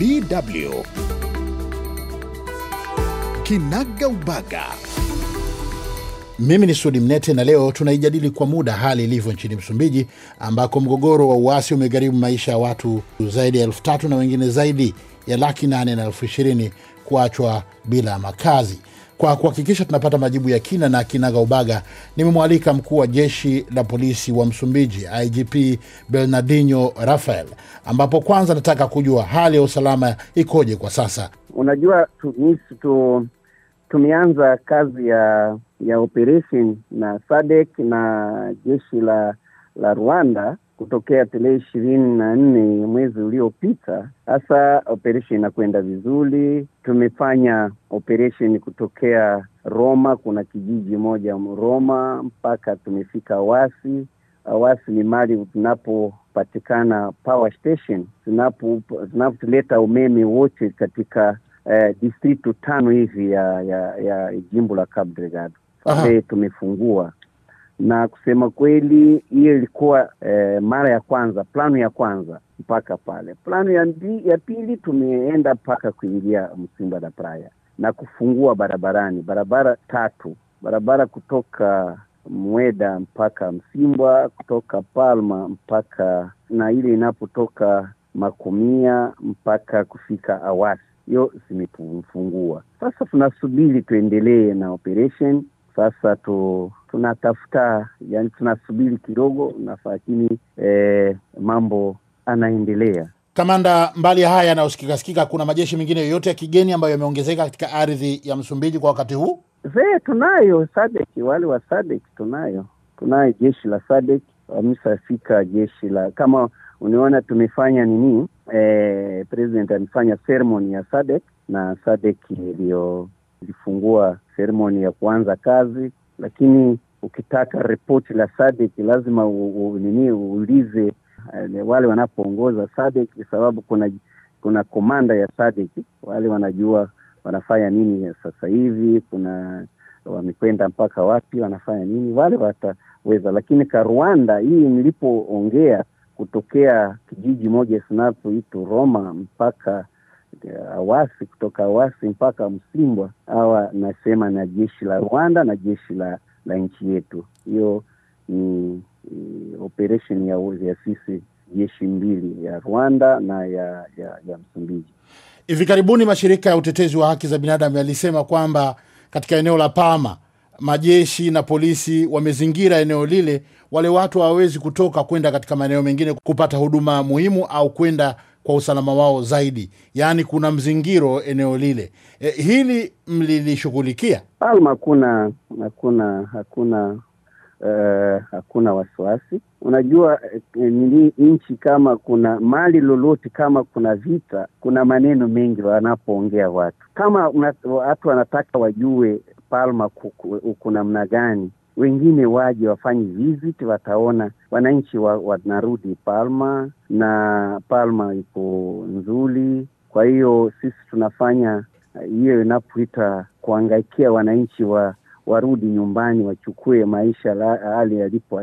BW. Kinaga Ubaga. Mimi ni Sudi Mnete na leo tunaijadili kwa muda hali ilivyo nchini Msumbiji ambako mgogoro wa uasi umegharimu maisha ya watu zaidi ya elfu tatu na wengine zaidi ya laki nane na elfu ishirini kuachwa bila makazi. Kwa kuhakikisha tunapata majibu ya kina na kinaga ubaga nimemwalika mkuu wa jeshi la polisi wa Msumbiji, IGP bernardino Rafael, ambapo kwanza nataka kujua hali ya usalama ikoje kwa sasa. Unajua tunisi tu, tumeanza kazi ya ya operation na sadek na jeshi la la Rwanda kutokea tarehe ishirini na nne mwezi uliopita. Sasa operesheni inakwenda vizuri. Tumefanya operesheni kutokea Roma, kuna kijiji moja Roma mpaka tumefika Wasi. Wasi ni mali tunapopatikana power station, tunapotuleta umeme wote katika eh, distritu tano hivi ya ya, ya jimbo la Cabo Delgado. Sasa tumefungua na kusema kweli hiyo ilikuwa eh, mara ya kwanza planu ya kwanza mpaka pale planu ya, mbi, ya pili tumeenda mpaka kuingia msimba da praya na kufungua barabarani barabara tatu barabara kutoka mweda mpaka msimbwa kutoka palma mpaka na ile inapotoka makumia mpaka kufika awasi hiyo zimefungua sasa tunasubiri tuendelee na operation sasa tu tunatafuta, yani tunasubiri kidogo, lakini eh, mambo anaendelea. Kamanda, mbali ya haya yanayosikika sikika, kuna majeshi mengine yoyote ya kigeni ambayo yameongezeka katika ardhi ya Msumbiji kwa wakati huu? Zee, tunayo SADC, wale wa SADC tunayo, tunayo jeshi la SADC wamesafika jeshi la kama unaona tumefanya nini, eh, president amefanya seremoni ya SADC na SADC ilifungua seremoni ya kuanza kazi lakini ukitaka ripoti la sadik lazima nini uulize uh, wale wanapoongoza sadik kwa sababu kuna kuna komanda ya sadik wale wanajua wanafanya nini sasa hivi, kuna wamekwenda mpaka wapi, wanafanya nini, wale wataweza. Lakini ka Rwanda hii nilipoongea, kutokea kijiji moja sinapoitu Roma mpaka awasi, uh, kutoka awasi mpaka Msimbwa, awa nasema na jeshi la Rwanda na jeshi la, la nchi yetu. Hiyo ni operation ya, ya sisi jeshi mbili ya Rwanda na ya, ya, ya Msumbiji. Hivi karibuni mashirika ya utetezi wa haki za binadamu yalisema kwamba katika eneo la pama majeshi na polisi wamezingira eneo lile, wale watu hawawezi kutoka kwenda katika maeneo mengine kupata huduma muhimu au kwenda kwa usalama wao zaidi, yaani kuna mzingiro eneo lile. E, hili mlilishughulikia? Palma hakuna hakuna hakuna Uh, hakuna wasiwasi. Unajua nini, e, nchi kama kuna mali lolote, kama kuna vita, kuna maneno mengi wanapoongea watu, kama watu wanataka wajue Palma kuku, uko namna gani wengine waje wafanye visit, wataona wananchi wa, Palma na Palma iko nzuri. Kwa hiyo sisi tunafanya eh, hiyo inapoita kuangaikia wananchi wa warudi nyumbani wachukue maisha hali yalipo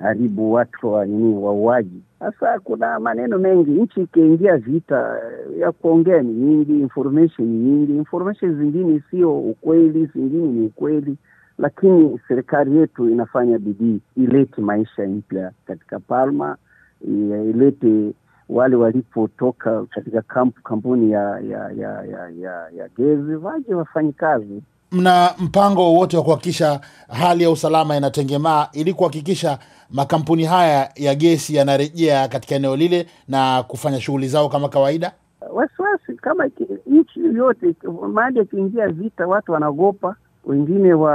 haribu watu wa nini wauaji. Sasa kuna maneno mengi, nchi ikiingia vita eh, ya kuongea ni nyingi, information nyingi, information zingine sio ukweli, zingine ni ukweli lakini serikali yetu inafanya bidii ilete maisha mpya katika Palma, ilete wale walipotoka katika kamp, kampuni ya ya ya ya, ya, ya gezi waje wafanye kazi. Mna mpango wowote wa kuhakikisha hali ya usalama inatengemaa ili kuhakikisha makampuni haya ya gesi yanarejea katika eneo lile na kufanya shughuli zao kama kawaida? Wasiwasi kama nchi yoyote, mahali yakiingia vita, watu wanaogopa wengine wa,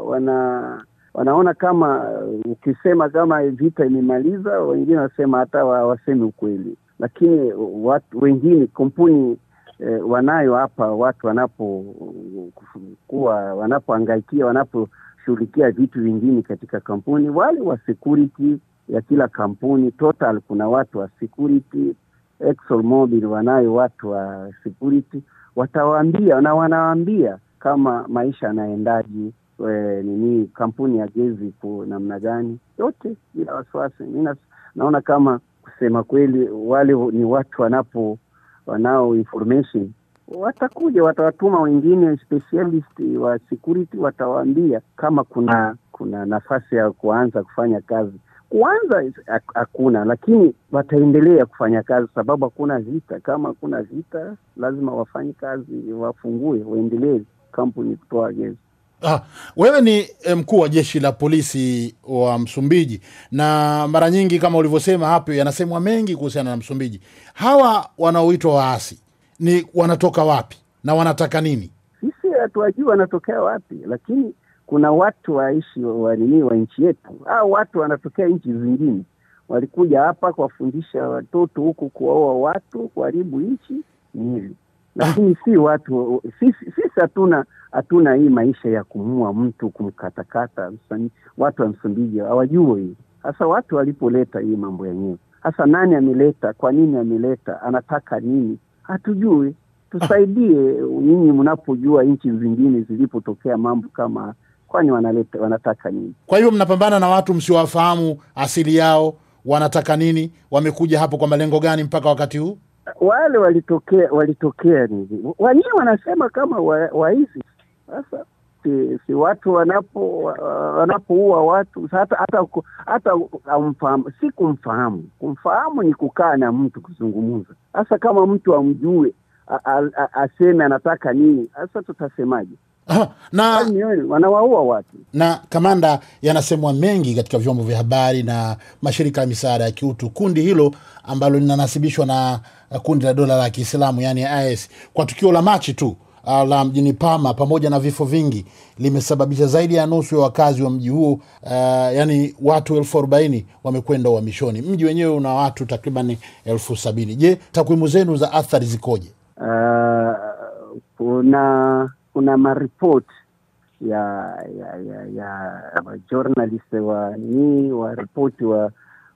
wana wanaona kama ukisema kama vita imemaliza, wengine wanasema hata hawasemi ukweli, lakini watu wengine kampuni eh, wanayo hapa watu wanapokuwa wanapoangaikia wanaposhughulikia vitu vingine katika kampuni, wale wa security ya kila kampuni Total kuna watu wa security, wanayo watu wa security, watawaambia na wanawaambia kama maisha yanaendaje, nini kampuni ya gezi ko namna gani, yote bila wasiwasi. Mi naona kama kusema kweli, wale ni watu wanapo wanao information watakuja watawatuma wengine specialist wa security, watawaambia kama kuna kuna nafasi ya kuanza kufanya kazi. Kuanza hakuna, lakini wataendelea kufanya kazi sababu hakuna vita. Kama hakuna vita, lazima wafanye kazi, wafungue, waendelee kampuni kutoa gesi. Ah, wewe ni eh, mkuu wa jeshi la polisi wa Msumbiji, na mara nyingi kama ulivyosema hapo, yanasemwa mengi kuhusiana na Msumbiji. Hawa wanaoitwa waasi ni wanatoka wapi na wanataka nini? Sisi hatuwajui wanatokea wapi, lakini kuna watu waishi wa nini wa nchi yetu. Hao watu wanatokea nchi zingine, walikuja hapa kuwafundisha watoto huku, kuwaoa watu, kuharibu nchi, ni lakini si watu sisi, hatuna hatuna hii maisha ya kumua mtu kumkatakata. Watu wa Msumbiji hawajuo hii hasa, watu walipoleta hii mambo yenyewe hasa, nani ameleta, kwa nini ameleta, anataka nini, hatujui. Tusaidie nyinyi mnapojua nchi zingine zilipotokea mambo kama, kwani wanaleta wanataka nini? Kwa hiyo mnapambana na watu msiowafahamu asili yao, wanataka nini, wamekuja hapo kwa malengo gani mpaka wakati huu? wale walitokea walitokea nini? Wenyewe wanasema kama waizi wa sasa si, si watu wanapo wanapouwa watu hata hata hata amfahamu si kumfahamu. Kumfahamu ni kukaa na mtu kuzungumza. hasa kama mtu amjue aseme anataka nini, hasa tutasemaje? na wanawaua watu. Na kamanda, yanasemwa mengi katika vyombo vya habari na mashirika ya misaada ya kiutu. Kundi hilo ambalo linanasibishwa na uh, kundi la dola la Kiislamu yani IS kwa tukio la Machi tu uh, la mjini pama pamoja na vifo vingi limesababisha zaidi ya nusu ya wakazi wa mji huo uh, yani watu elfu arobaini wamekwenda uhamishoni. Mji wenyewe una watu takriban elfu sabini. Je, takwimu zenu za athari zikoje? Uh, kuna kuna maripot ya ya ya, ya journalist wa ni wa ripoti wa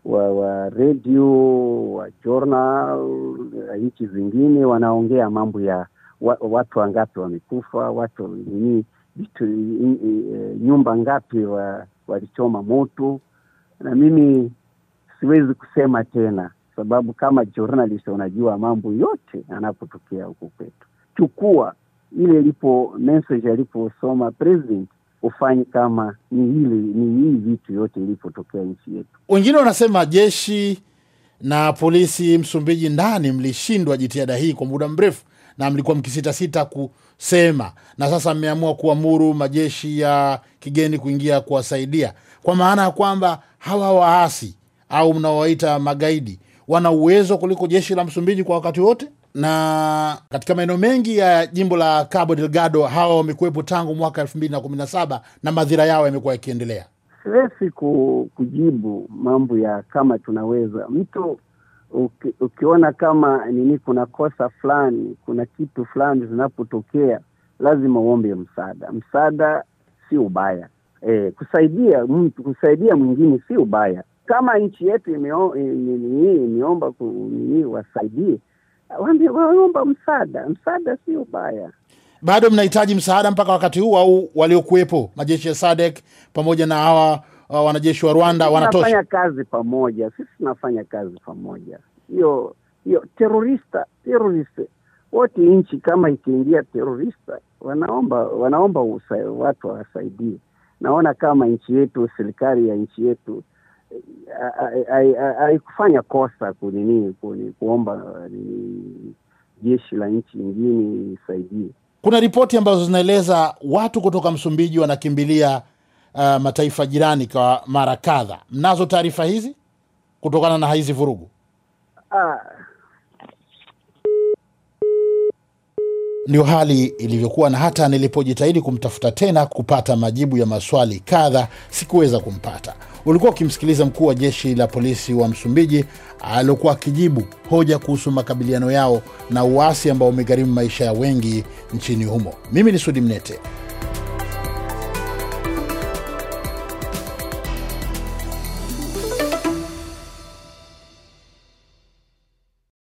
wa, wa radio wa journal nchi zingine wanaongea mambo ya wa, watu wangapi wamekufa, watu ni vitu e, nyumba ngapi wa, walichoma moto, na mimi siwezi kusema tena, sababu kama journalist unajua mambo yote yanapotokea huku kwetu. Chukua ile ilipo message aliposoma president ufanye kama ni ile ni hii vitu yote ilipotokea nchi yetu. Wengine wanasema jeshi na polisi Msumbiji ndani mlishindwa jitihada hii kwa muda mrefu na mlikuwa mkisitasita kusema, na sasa mmeamua kuamuru majeshi ya kigeni kuingia kuwasaidia, kwa maana ya kwamba hawa waasi au mnaowaita magaidi wana uwezo kuliko jeshi la Msumbiji kwa wakati wote na katika maeneo mengi ya jimbo la Cabo Delgado hawa wamekuwepo tangu mwaka elfu mbili na kumi na saba na madhira yao yamekuwa yakiendelea. Siwezi kujibu mambo ya kama tunaweza mtu uki, ukiona kama nini kuna kosa fulani, kuna kitu fulani zinapotokea, lazima uombe msaada. Msaada si ubaya e, kusaidia mtu kusaidia mwingine si ubaya. Kama nchi yetu imeomba nini wasaidie wameomba msaada. Msaada sio ubaya. Bado mnahitaji msaada mpaka wakati huu, au waliokuwepo majeshi ya sadek pamoja na hawa uh, wanajeshi wa Rwanda wanatosha? kazi pamoja, sisi tunafanya kazi pamoja. Hiyo hiyo terorista terorist wote nchi kama ikiingia terorista wanaomba wanaomba usa, watu wawasaidie. Naona kama nchi yetu, serikali ya nchi yetu Eh, eh, eh, haikufanya kosa kunini kuni, kuomba nini, jeshi la nchi nyingine isaidie. Kuna ripoti ambazo zinaeleza watu kutoka Msumbiji wanakimbilia uh, mataifa jirani kwa mara kadha. Mnazo taarifa hizi kutokana na hizi vurugu? ah. ndio hali ilivyokuwa, na hata nilipojitahidi kumtafuta tena kupata majibu ya maswali kadha, sikuweza kumpata. Ulikuwa ukimsikiliza mkuu wa jeshi la polisi wa Msumbiji aliokuwa akijibu hoja kuhusu makabiliano yao na uasi ambao umegharimu maisha ya wengi nchini humo. Mimi ni Sudi Mnete.